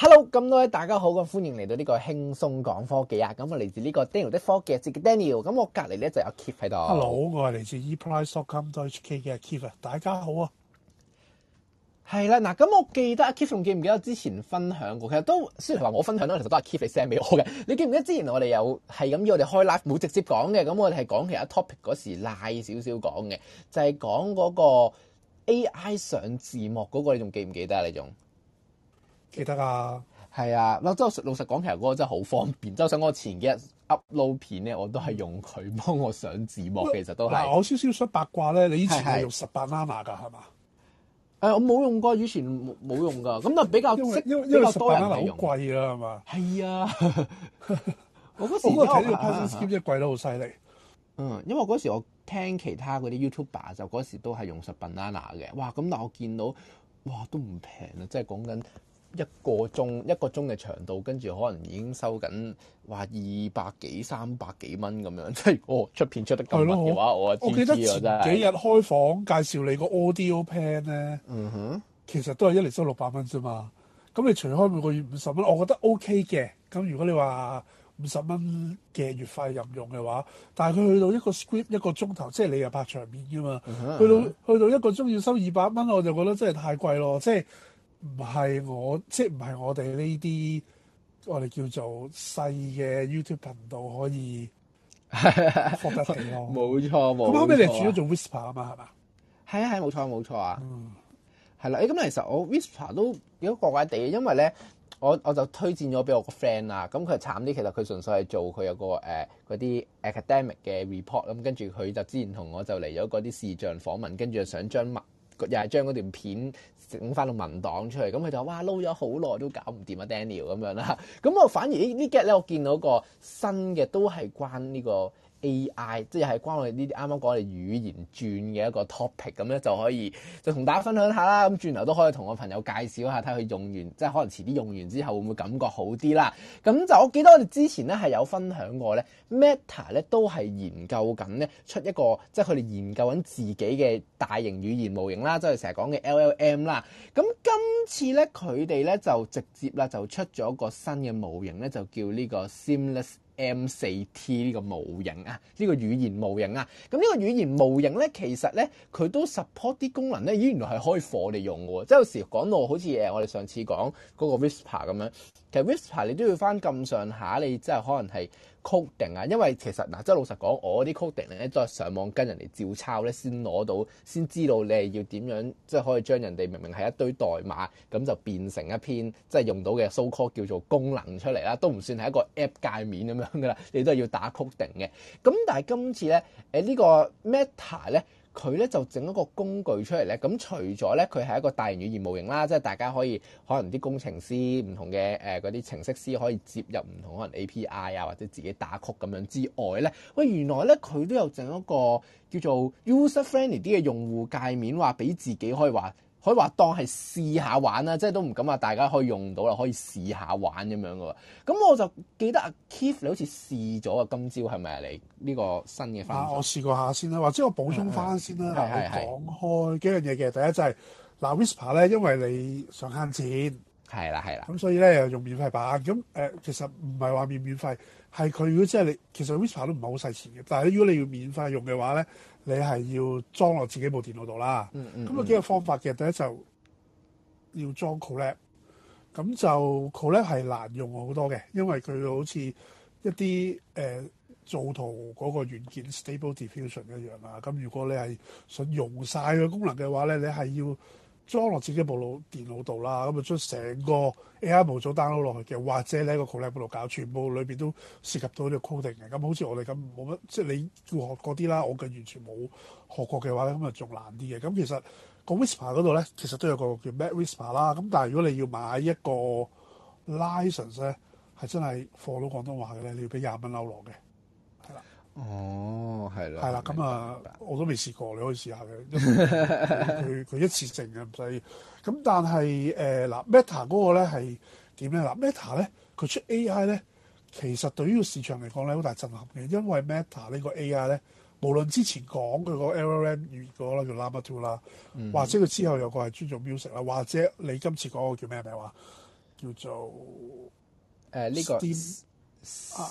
Hello，咁多位大家好，咁歡迎嚟到呢個輕鬆講科技啊！咁我嚟自呢個 Daniel 的科技節嘅、就是、Daniel，咁我隔籬咧就有 k e e 喺度。Hello，我係嚟自 e p l u s c m HK 嘅 k e e 大家好啊！係啦，嗱，咁我記得啊，Keep 仲記唔記得之前分享過？其實都雖然話我分享啦，其實都係 Keep send 俾我嘅。你記唔記得之前我哋有係咁，我哋開 live 冇直接講嘅，咁我哋係講其實 topic 嗰時拉少少講嘅，就係講嗰個 AI 上字幕嗰、那個，你仲記唔記得啊？你仲？記得啊，係啊，嗱，即係老實講，其實嗰個真係好方便。即、嗯、係我想講，前幾日 upload 片咧，我都係用佢幫我上字幕，嗯、其實都嗱、呃，我少少講八卦咧，你以前係用十八 Nana 㗎係嘛？誒、哎，我冇用過，以前冇用㗎，咁 就比較因因為，因為，因為，因為多八納十八 Nana 貴啦係嘛？係啊， 是啊 我嗰那時 我睇呢個攀 n a n a r 貴得好犀利。嗯，因為我嗰時我聽其他嗰啲 YouTuber 就嗰時都係用十八 Nana 嘅，哇！咁但我見到哇都唔平啊，即係講緊。一個鐘一個鐘嘅長度，跟住可能已經收緊話二百幾三百幾蚊咁樣，即係哦，出片出得咁多嘅話我猜猜我記得前幾日開房介紹你個 Audio Pen 咧，嗯哼，其實都係一年收六百蚊啫嘛。咁你除開每個月五十蚊，我覺得 OK 嘅。咁如果你話五十蚊嘅月費任用嘅話，但係佢去到一個 script 一個鐘頭，即係你又拍場面噶嘛、嗯，去到去到一個鐘要收二百蚊，我就覺得真係太貴咯，即係。唔係我，即係唔係我哋呢啲，我哋叫做細嘅 YouTube 頻道可以獲得平。冇錯冇。咁後屘嚟轉咗做 Whisper 啊嘛，係嘛？係啊係，冇錯冇錯啊。嗯，係啦。誒、欸、咁、嗯，其實我 Whisper 都有一怪位嘅，因為咧，我我就推薦咗俾我個 friend 啊。咁佢慘啲，其實佢純粹係做佢有個誒嗰啲 academic 嘅 report。咁跟住佢就之前同我就嚟咗嗰啲視像訪問，跟住就想將麥。又係將嗰段片整翻個文檔出嚟，咁佢就話：哇，撈咗好耐都搞唔掂啊，Daniel 咁樣啦。咁我反而呢 get 咧，我見到個新嘅都係關呢個。A.I. 即係關我哋呢啲啱啱講嘅語言轉嘅一個 topic 咁咧，就可以就同大家分享一下啦。咁轉頭都可以同我朋友介紹下，睇佢用完，即係可能遲啲用完之後會唔會感覺好啲啦。咁就我記得我哋之前咧係有分享過咧，Meta 咧都係研究緊咧出一個，即係佢哋研究緊自己嘅大型語言模型啦，即係成日講嘅 L.L.M. 啦。咁今次咧佢哋咧就直接啦就出咗個新嘅模型咧，就叫呢個 Seamless M4T 呢個模型啊，呢個語言模型啊，咁呢個語言模型咧，其實咧佢都 support 啲功能咧。咦，原來係開火嚟用喎，即係有時講到好似誒，我哋上次講嗰個 Whisper 咁樣，其實 Whisper 你都要翻咁上下，你即係可能係。coding 啊，因為其實嗱，即係老實講，我啲 coding 咧都係上網跟人哋照抄咧，先攞到，先知道你係要點樣，即係可以將人哋明明係一堆代碼，咁就變成一篇即係用到嘅 so call 叫做功能出嚟啦，都唔算係一個 app 界面咁樣噶啦，你都係要打 coding 嘅。咁但係今次咧，誒，呢個 Meta 咧。佢咧就整一個工具出嚟咧，咁除咗咧佢係一個大型語言模型啦，即係大家可以，可能啲工程師、唔同嘅嗰啲程式師可以接入唔同可能 API 啊，或者自己打曲咁樣之外咧，喂，原來咧佢都有整一個叫做 user friendly 啲嘅用戶界面，話俾自己可以話。可以話當係試下玩啦，即係都唔敢話大家可以用到啦，可以試下玩咁樣啦。咁我就記得阿 Keith 你好似試咗啊，今朝係咪啊？嚟呢個新嘅方法啊，我試過下先啦，或者我補充翻先啦，嗱，講開幾樣嘢嘅。第一就係、是、嗱，Whisper 咧，因為你想慳錢，係啦係啦，咁所以咧又用免費版。咁、呃、其實唔係話免免費，係佢如果即係你，其實 Whisper 都唔係好使錢嘅。但係如果你要免費用嘅話咧。你係要裝落自己部電腦度啦。咁、嗯嗯嗯、有幾個方法嘅，第一就要裝 Colab，咁就 Colab 係係難用好多嘅，因為佢好似一啲誒做圖嗰個軟件 Stable Diffusion 一樣啦。咁如果你係想用晒嘅功能嘅話咧，你係要。裝落自己部老電腦度啦，咁啊將成個 AI 模組 download 落去嘅，或者咧個 collab 度搞，全部裏邊都涉及到呢啲 coding 嘅。咁好似我哋咁冇乜，即係你要學嗰啲啦，我嘅完全冇學過嘅話咧，咁啊仲難啲嘅。咁其實個 whisper 嗰度咧，其實都有個叫 Mac Whisper 啦。咁但係如果你要買一個 license 咧，係真係放到廣東話嘅咧，你要俾廿蚊歐羅嘅。哦，係啦，係啦，咁啊，我都未試過，你可以試下嘅，佢佢 一次性嘅，唔使。咁但係誒嗱，Meta 嗰個咧係點咧？嗱，Meta 咧佢出 AI 咧，其實對於個市場嚟講咧好大震撼嘅，因為 Meta 呢個 AI 咧，無論之前講佢個 LLM 如果啦叫 LLaMA 2啦，或者佢之後有個係專做 music 啦、嗯，或者你今次講個叫咩名話，叫做誒呢、啊這個。啊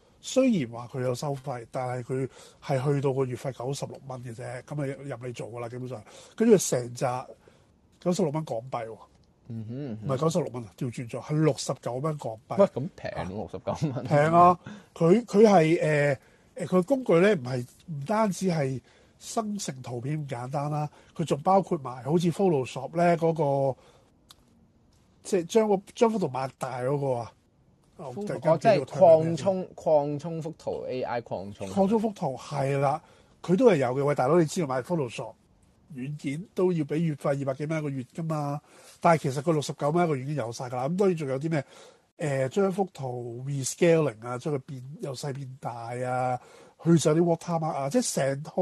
雖然話佢有收費，但係佢係去到個月費九十六蚊嘅啫，咁咪入嚟做㗎啦，基本上。跟住成集九十六蚊港幣喎，嗯哼，唔係九十六蚊啊，調轉咗係六十九蚊港幣。咁平六十九蚊。平、欸、啊！佢佢係佢工具咧，唔係唔單止係生成圖片咁簡單啦，佢仲包括埋好似 Photoshop 咧嗰、嗰個，即係將將幅圖擘大嗰、嗰個啊。哦哦、即係擴，擴充、擴充幅圖、AI 擴充、擴充幅圖係啦，佢都係有嘅。喂，大佬，你知道買 Photoshop 軟件都要俾月費二百幾蚊一個月㗎嘛？但係其實佢六十九蚊一個月已經有晒㗎啦。咁當然仲有啲咩？誒、呃，將幅圖 rescaling 啊，將佢變由細變大啊，去上啲 watermark 啊，即係成套。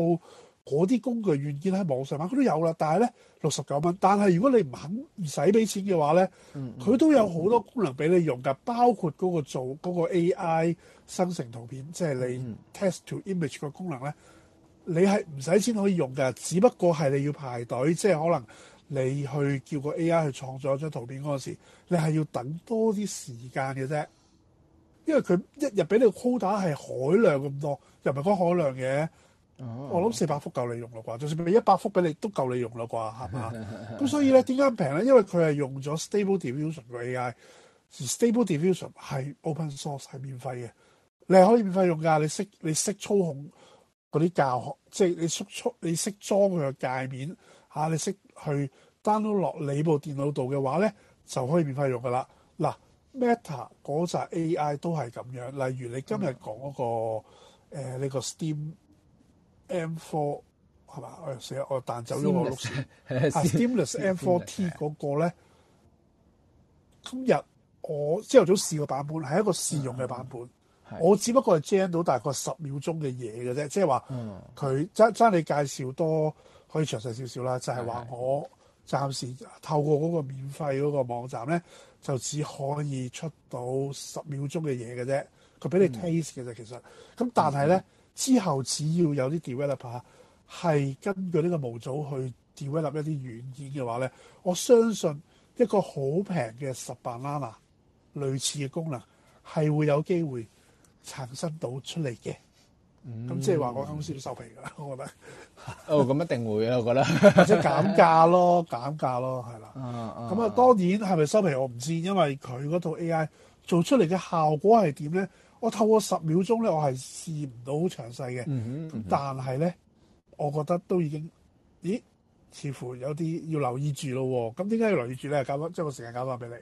嗰啲工具軟件喺網上買，佢都有啦。但係咧，六十九蚊。但係如果你唔肯唔使俾錢嘅話咧，佢、嗯、都有好多功能俾你用㗎、嗯，包括嗰個做嗰、那個 AI 生成圖片，即、就、係、是、你 t e s t to image 個功能咧、嗯，你係唔使錢可以用㗎。只不過係你要排隊，即、就、係、是、可能你去叫個 AI 去創作一張圖片嗰陣時，你係要等多啲時間嘅啫。因為佢一日俾你 call 打係海量咁多，又唔係講海量嘅。Oh, oh, oh. 我諗四百幅夠你用啦啩，就算俾一百幅俾你都夠你用啦啩，係嘛？咁所以咧點解咁平咧？因為佢係用咗 Stable Diffusion 嘅 AI，而 Stable Diffusion 係 open source 係免費嘅，你係可以免費用噶。你識你識操控嗰啲教學，即係你熟熟你識裝佢嘅界面、啊、你識去 download 落你部電腦度嘅話咧，就可以免費用噶啦。嗱，Meta 嗰扎 AI 都係咁樣，例如你今日講嗰個你呢、mm. 呃呢個 Steam。M four 係嘛？我寫我彈走咗我六線。Seamless M four T 嗰個咧、嗯，今日我朝頭早試個版本，係一個試用嘅版本、嗯的。我只不過係 gen 到大概十秒鐘嘅嘢嘅啫，即係話佢爭爭你介紹多可以詳細少少啦。就係、是、話我暫時透過嗰個免費嗰個網站咧,就只可以出到十秒鐘嘅嘢嘅啫。佢俾你 taste 嘅啫、嗯。其實咁，但係咧。嗯之後只要有啲 developer 係根據呢個模組去 develop 一啲軟件嘅話咧，我相信一個好平嘅十八 lama 類似嘅功能係會有機會產生到出嚟嘅。咁、嗯、即係話我間公司要收皮㗎啦，我覺得。哦，咁、哦、一定會啊！我覺得即係減價咯，減價咯，係啦。咁啊，啊當然係咪收皮我唔知，因為佢嗰套 AI 做出嚟嘅效果係點咧？我透過十秒鐘咧，我係試唔到好詳細嘅、嗯嗯，但係咧，我覺得都已經，咦，似乎有啲要留意住咯喎，咁點解要留意住咧？交返將個時間交返俾你。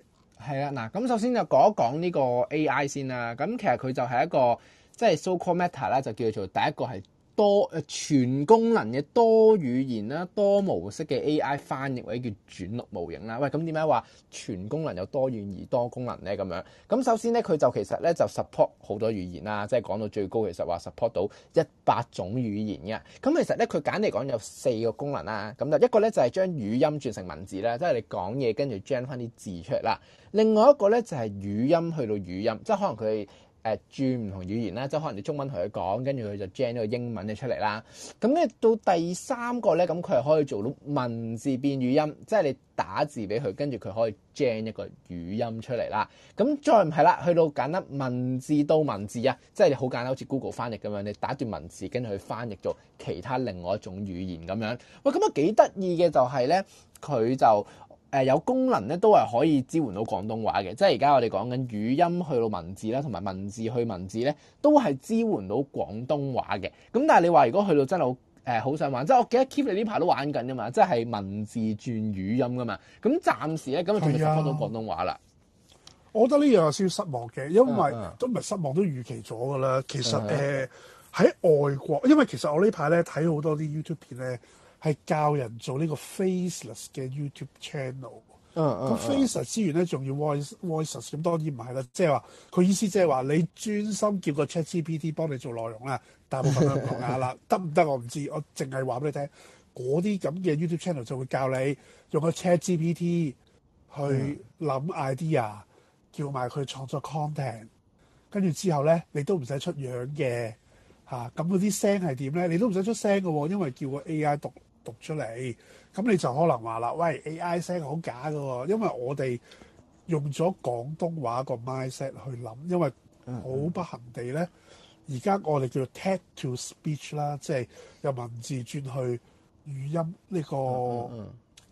係啊，嗱，咁首先就講一講呢個 AI 先啦。咁其實佢就係一個，即係 so called Meta 咧，就叫做第一個係。多全功能嘅多語言啦，多模式嘅 AI 翻譯或者叫轉錄模型啦。喂，咁點解話全功能有多語而多功能咧？咁樣咁首先咧，佢就其實咧就 support 好多語言啦，即係講到最高其實話 support 到一百種語言嘅。咁其實咧佢簡嚟講有四個功能啦。咁就一個咧就係、是、將語音轉成文字啦，即係你講嘢跟住 generate 翻啲字出嚟啦。另外一個咧就係、是、語音去到語音，即係可能佢。誒轉唔同語言啦，即係可能你中文同佢講，跟住佢就 gen 咗個英文嘅出嚟啦。咁咧到第三個咧，咁佢係可以做到文字變語音，即係你打字俾佢，跟住佢可以 gen 一個語音出嚟啦。咁再唔係啦，去到簡單文字到文字啊，即係你好簡單，好似 Google 翻譯咁樣，你打段文字跟住佢翻譯做其他另外一種語言咁樣。喂、哎，咁啊幾得意嘅就係、是、咧，佢就。誒、呃、有功能咧，都係可以支援到廣東話嘅，即係而家我哋講緊語音去到文字啦，同埋文字去文字咧，都係支援到廣東話嘅。咁但係你話如果去到真係好誒好想玩，即係我記得 Keep 你呢排都玩緊啫嘛，即係文字轉語音噶嘛。咁暫時咧咁係啊，幫到廣東話啦、啊。我覺得呢樣有少少失望嘅，因為啊啊都唔係失望，都預期咗噶啦。其實誒喺、啊啊呃、外國，因為其實我呢排咧睇好多啲 YouTube 片咧。係教人做呢個 faceless 嘅 YouTube channel。嗯、uh, 嗯、uh, uh,。咁 faceless 資源咧仲要 voice voices，咁當然唔係啦。即係話佢意思即係話你專心叫個 ChatGPT 幫你做內容啦。大部分都講下啦，得唔得我唔知道，我唔知道，我淨係話俾你聽。嗰啲咁嘅 YouTube channel 就會教你用個 ChatGPT 去諗 idea，、嗯、叫埋佢創作 content。跟住之後咧，你都唔使出樣嘅嚇。咁嗰啲聲係點咧？你都唔使出聲嘅喎、哦，因為叫個 AI 讀。讀出嚟，咁你就可能話啦，喂，AI 聲好假噶喎、哦，因為我哋用咗廣東話個 Mindset 去諗，因為好不幸地咧，而家我哋叫做 Text to Speech 啦，即係由文字轉去語音呢、呢個呢、mm -hmm.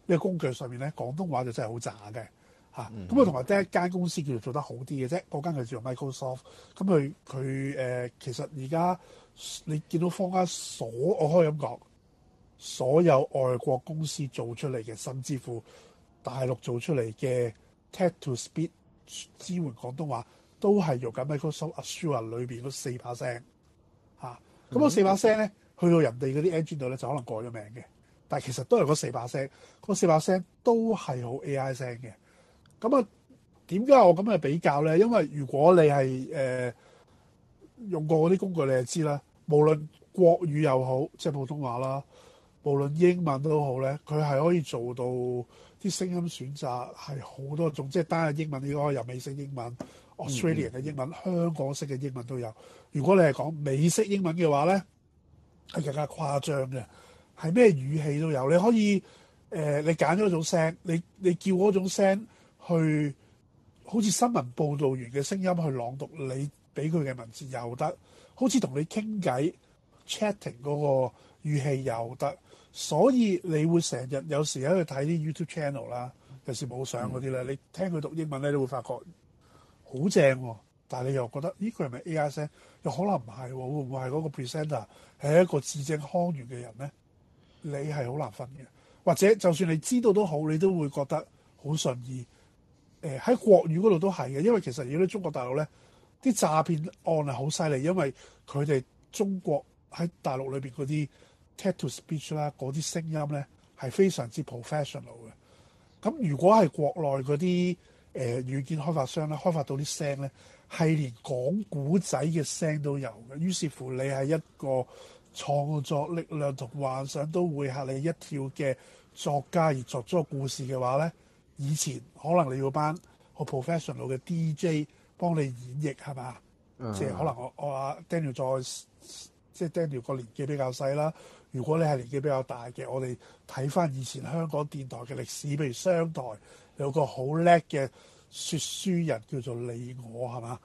個工具上面咧，廣東話就真係好渣嘅吓咁啊，同埋第一間公司叫做做得好啲嘅啫，嗰間叫做 Microsoft，咁佢佢其實而家你見到坊間所，我可以咁講。所有外國公司做出嚟嘅新支付，甚至乎大陸做出嚟嘅 text-to-speech 支援廣東話，都係用緊喺嗰個 Azure 裏邊嗰四把聲。嚇，咁嗰四把聲咧，去到人哋嗰啲 engine 度咧，就可能改咗名嘅。但係其實都係嗰四把聲，嗰四把聲都係好 AI 聲嘅。咁啊，點解我咁去比較咧？因為如果你係誒、呃、用過嗰啲工具，你就知啦。無論國語又好，即係普通話啦。無論英文都好咧，佢係可以做到啲聲音選擇係好多種，即係單係英文你講有美式英文、Australian 嘅英文、香港式嘅英文都有。如果你係講美式英文嘅話咧，係更加誇張嘅，係咩語氣都有。你可以、呃、你揀咗一種聲，你你叫嗰種聲去好似新聞報導員嘅聲音去朗讀你俾佢嘅文字又得，好似同你傾偈 chatting 嗰個語氣又得。所以你會成日有時喺度睇啲 YouTube channel 啦，有時冇上嗰啲咧，你聽佢讀英文咧都會發覺好正喎、哦，但你又覺得呢個係咪 AI 聲？又可能唔係喎，會唔會係嗰個 presenter 係一個字正腔圓嘅人咧？你係好難分嘅，或者就算你知道都好，你都會覺得好順意。誒、呃，喺國語嗰度都係嘅，因為其實如果咧中國大陸咧啲詐騙案係好犀利，因為佢哋中國喺大陸裏面嗰啲。Tattoo speech 啦，嗰啲聲音咧係非常之 professional 嘅。咁如果係國內嗰啲誒語件開發商咧，開發到啲聲咧係連講古仔嘅聲都有嘅。於是乎，你係一個創作力量同幻想都會嚇你一跳嘅作家而作咗個故事嘅話咧，以前可能你要一班好 professional 嘅 DJ 幫你演繹係嘛？即係、uh -huh. 可能我我阿 Daniel 再。即係 Daniel 個年紀比較細啦。如果你係年紀比較大嘅，我哋睇翻以前香港電台嘅歷史，譬如商台有個好叻嘅説書人叫做李我，係嘛？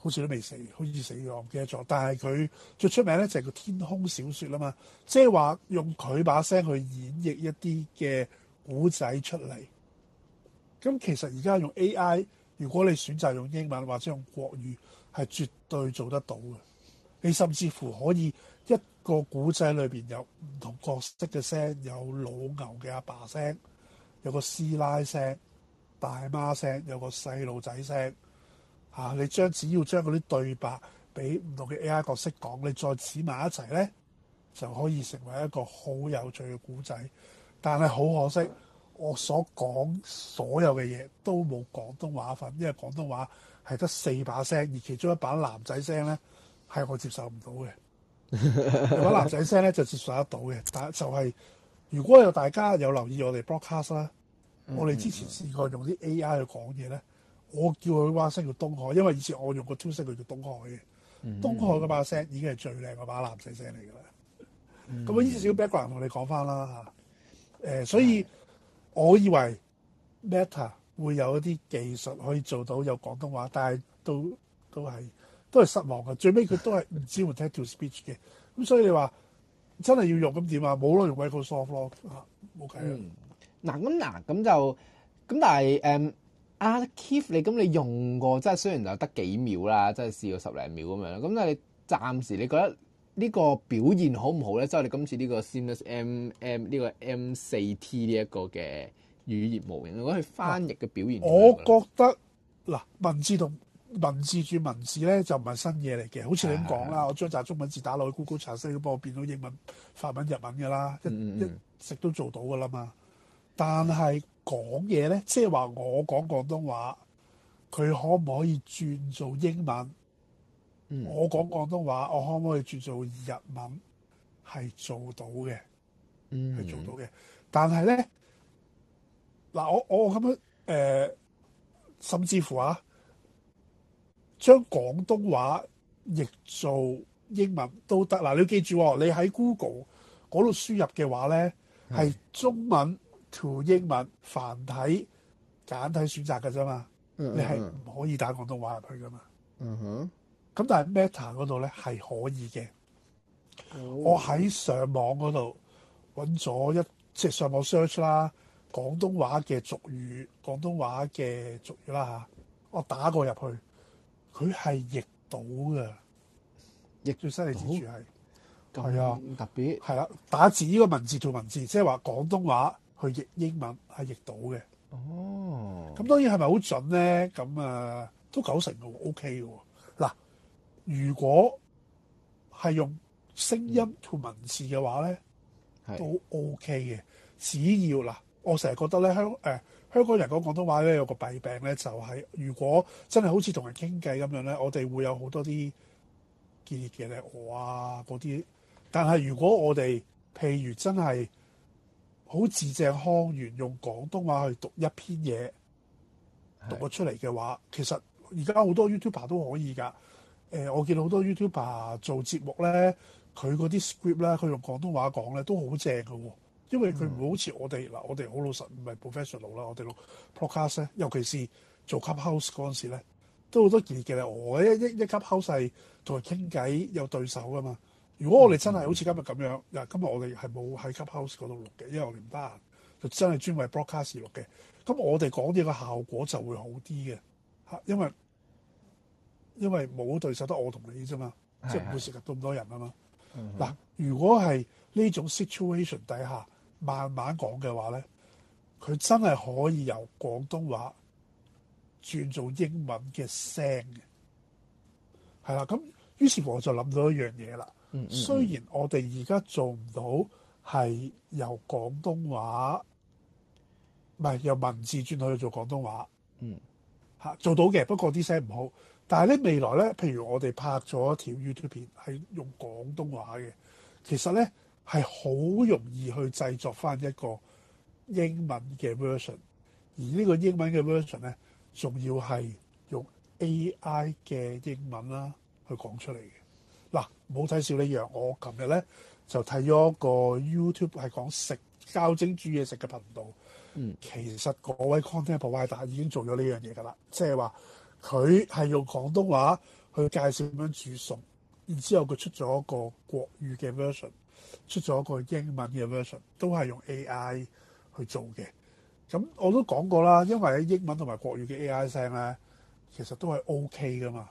好似都未死，好似死咗，我唔記得咗。但係佢最出名咧就係個天空小説啊嘛，即係話用佢把聲去演繹一啲嘅古仔出嚟。咁其實而家用 AI，如果你選擇用英文或者用國語，係絕對做得到嘅。你甚至乎可以一個古仔裏面有唔同角色嘅聲，有老牛嘅阿爸聲，有個師奶聲、大媽聲，有個細路仔聲。嚇。你將只要將嗰啲對白俾唔同嘅 A.I. 角色講，你再剪埋一齊呢，就可以成為一個好有趣嘅古仔。但係好可惜，我所講所有嘅嘢都冇廣東話份，因為廣東話係得四把聲，而其中一把男仔聲呢。係我接受唔到嘅，把 男仔聲咧就接受得到嘅，但就係、是、如果有大家有留意我哋 broadcast 啦、mm -hmm.，我哋之前試過用啲 AI 去講嘢咧，我叫佢把聲叫東海，因為以前我用個 toolset 佢叫東海嘅，mm -hmm. 東海嗰把聲已經係最靚嗰把男仔聲嚟㗎啦。咁啊，呢小 background 同、mm -hmm. 你講翻啦嚇，誒，所以我以為 Meta 會有一啲技術可以做到有廣東話，但係都都係。都係失望嘅，最尾佢都係唔支援 text-to-speech 嘅，咁 所以你話真係要用咁點啊？冇咯，用 Microsoft 咯，冇計啦。嗱咁嗱咁就咁，但係誒阿 Keith 你咁你用過，即係雖然就得幾秒啦，即係試過十零秒咁樣啦。咁你暫時你覺得呢個表現好唔好咧？即係你今次呢個 Seamless M M 呢個 M 四 T 呢一個嘅語言模型，如果得翻譯嘅表現、啊，我覺得嗱、啊、文字同。文字轉文字咧就唔係新嘢嚟嘅，好似你咁講啦，uh -huh. 我將集中文字打落去 Google Translate 幫我變到英文、法文、日文嘅啦，一一直都做到噶啦嘛。但係講嘢咧，即係話我講廣東話，佢可唔可以轉做英文？Uh -huh. 我講廣東話，我可唔可以轉做日文？係做到嘅，係做到嘅。Uh -huh. 但係咧，嗱我我咁樣誒、呃，甚至乎啊～將廣東話譯做英文都得嗱，你要記住，你喺 Google 嗰度輸入嘅話咧，係中文 to 英文繁體簡體選擇嘅啫嘛，你係唔可以打廣東話入去噶嘛。嗯哼，咁但係 Meta 嗰度咧係可以嘅。哦。我喺上網嗰度揾咗一即係上網 search 啦，廣東話嘅俗語，廣東話嘅俗語啦吓，我打過入去。佢係譯到嘅，譯最犀利字處係係啊特別係啦，打字呢個文字做文字，即係話廣東話去譯英文係譯到嘅。哦，咁當然係咪好準咧？咁啊都九成嘅，OK 嘅喎。嗱、OK 啊，如果係用聲音同文字嘅話咧、嗯，都 OK 嘅。只要嗱，我成日覺得咧，香、呃、誒。香港人講廣東話咧，有個弊病咧，就係、是、如果真係好似同人傾偈咁樣咧，我哋會有好多啲建議嘅咧，我啊嗰啲。但係如果我哋譬如真係好字正腔圓，用廣東話去讀一篇嘢讀咗出嚟嘅話，其實而家好多 YouTuber 都可以㗎、呃。我見到好多 YouTuber 做節目咧，佢嗰啲 script 咧，佢用廣東話講咧，都好正㗎喎、哦。因為佢唔會好似我哋嗱、嗯，我哋好老實唔係 professional 啦，我哋錄 broadcast 咧，尤其是做 Clubhouse 嗰陣時咧，都好多建議嘅。我一一一 Clubhouse 係同佢傾偈有對手噶嘛。如果我哋真係好似今日咁樣，嗱、嗯、今日我哋係冇喺 Clubhouse 嗰度錄嘅，因為我哋唔得閒，就真係專為 broadcast 錄嘅。咁我哋講嘢嘅效果就會好啲嘅嚇，因為因為冇對手得我同你啫、嗯、嘛，即唔會成日都咁多人啊嘛。嗱，如果係呢種 situation 底下。慢慢講嘅話咧，佢真係可以由廣東話轉做英文嘅聲嘅，係啦。咁於是我就諗到一樣嘢啦。嗯，嗯，嗯。雖然我哋而家做唔到係由廣東話，唔係由文字轉去做廣東話。嗯。嚇做到嘅，不過啲聲唔好。但係咧未來咧，譬如我哋拍咗一條 YouTube 片係用廣東話嘅，其實咧。係好容易去製作翻一個英文嘅 version，而呢個英文嘅 version 咧，仲要係用 A.I. 嘅英文啦去講出嚟嘅。嗱，冇睇少呢樣，我琴日咧就睇咗一個 YouTube 係講食膠精煮嘢食嘅頻道。嗯，其實嗰位 content provider 已經做咗呢樣嘢㗎啦，即係話佢係用廣東話去介紹點樣煮餸，然之後佢出咗一個國語嘅 version。出咗一個英文嘅 version，都係用 AI 去做嘅。咁我都講過啦，因為喺英文同埋國語嘅 AI 聲咧，其實都係 OK 噶嘛，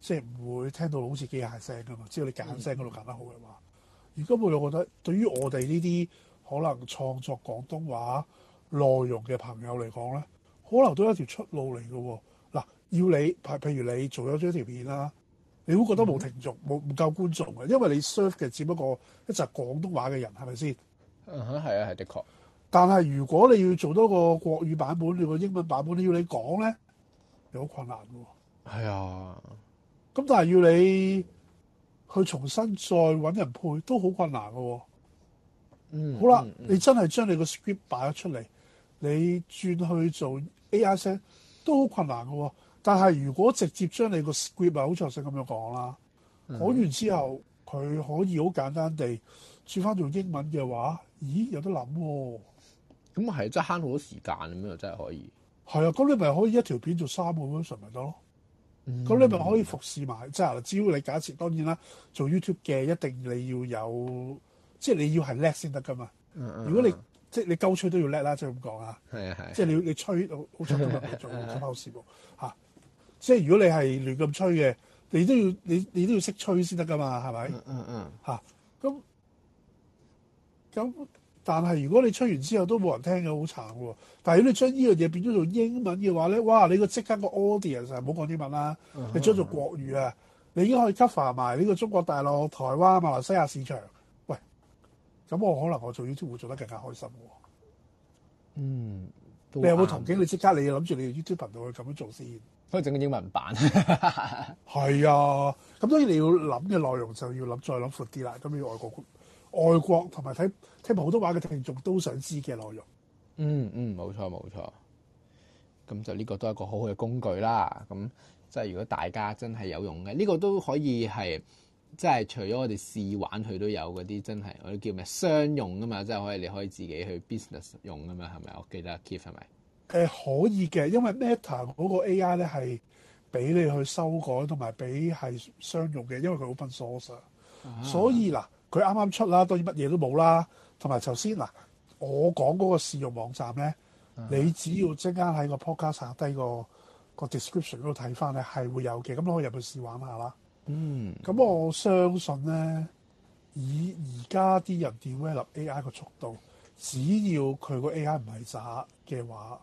即係唔會聽到好似機械聲噶嘛。只要你揀聲嗰度揀得好嘅話，嗯、而家我又覺得對於我哋呢啲可能創作廣東話內容嘅朋友嚟講咧，可能都有一條出路嚟嘅喎。嗱，要你譬如你做咗咗條片啦。你會覺得冇停續，冇、嗯、唔夠觀眾嘅，因為你 serve 嘅只不過一隻廣東話嘅人，係咪先？啊係啊，係的，的確。但係如果你要做多個國語版本，你個英文版本你要你講咧，又好困難喎。係、哎、啊，咁但係要你去重新再揾人配都好困難喎。嗯。好啦、嗯嗯，你真係將你個 script 擺咗出嚟，你轉去做 AI 聲都好困難喎。但係如果直接將你個 script 咪好詳細咁樣講啦，講、嗯、完之後佢、嗯、可以好簡單地轉翻做英文嘅話，咦有得諗喎、哦。咁啊係，真係慳好多時間咁樣，真係可以。係啊，咁你咪可以一條片做三個咁樣，實咪得咯？咁你咪可以服侍埋，即、嗯、係只要你假設，當然啦，做 YouTube 嘅一定你要有，即係你要係叻先得噶嘛、嗯。如果你、嗯、即係你鳩吹都要叻啦，嗯嗯、即係咁講啊。係啊係。即係你你吹好，好吹得做，做包事喎即係如果你係亂咁吹嘅，你都要你你都要識吹先得噶嘛，係咪？嗯嗯吓，咁咁，但係如果你吹完之後都冇人聽嘅，好慘喎。但係如果你將呢樣嘢變咗做英文嘅話咧，哇！你、個即刻個 Audience 唔好講啲乜啦，uh, uh, uh. 你將做國語啊，你已經可以 cover 埋呢個中國大陸、台灣、馬來西亞市場。喂，咁我可能我做 YouTube 會做得更加開心喎。嗯。你有冇同景你？你即刻你諗住你 YouTube 頻道去咁樣做先？開整個英文版， 係啊！咁當然你要諗嘅內容就要諗再諗闊啲啦。咁要外國、外國同埋睇聽好多話嘅聽眾都想知嘅內容。嗯嗯，冇錯冇錯。咁就呢個都係一個好好嘅工具啦。咁即係如果大家真係有用嘅，呢、呢個都可以係即係除咗我哋試玩，佢都有嗰啲真係我啲叫咩商用啊嘛，即、就、係、係、可以你可以自己去 business 用啊嘛，係咪？我記得 Kif e 係咪？呃、可以嘅，因為 Meta 嗰個 A.I. 咧係俾你去修改同埋俾係商用嘅，因為佢 Open source、啊、所以嗱，佢啱啱出啦，當然乜嘢都冇啦。同埋頭先嗱，我講嗰個試用網站咧、啊，你只要即刻喺個 podcast 下低個個 description 嗰度睇翻咧，係會有嘅。咁、嗯、你可以入去試玩下啦。嗯，咁我相信咧，以而家啲人 develop A.I. 個速度，只要佢個 A.I. 唔係渣嘅話，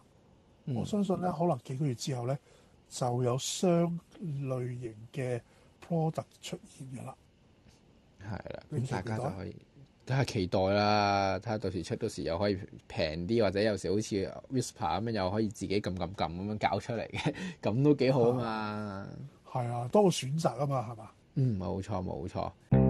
我相信咧、嗯，可能幾個月之後咧，就有相類型嘅 product 出現嘅啦。係啦，大家都可以睇下期待啦，睇下到時出到時又可以平啲，或者有時好似 whisper 咁樣又可以自己撳撳撳咁樣搞出嚟嘅。咁都幾好啊嘛。係啊，多個選擇啊嘛，係嘛？嗯，冇錯，冇錯。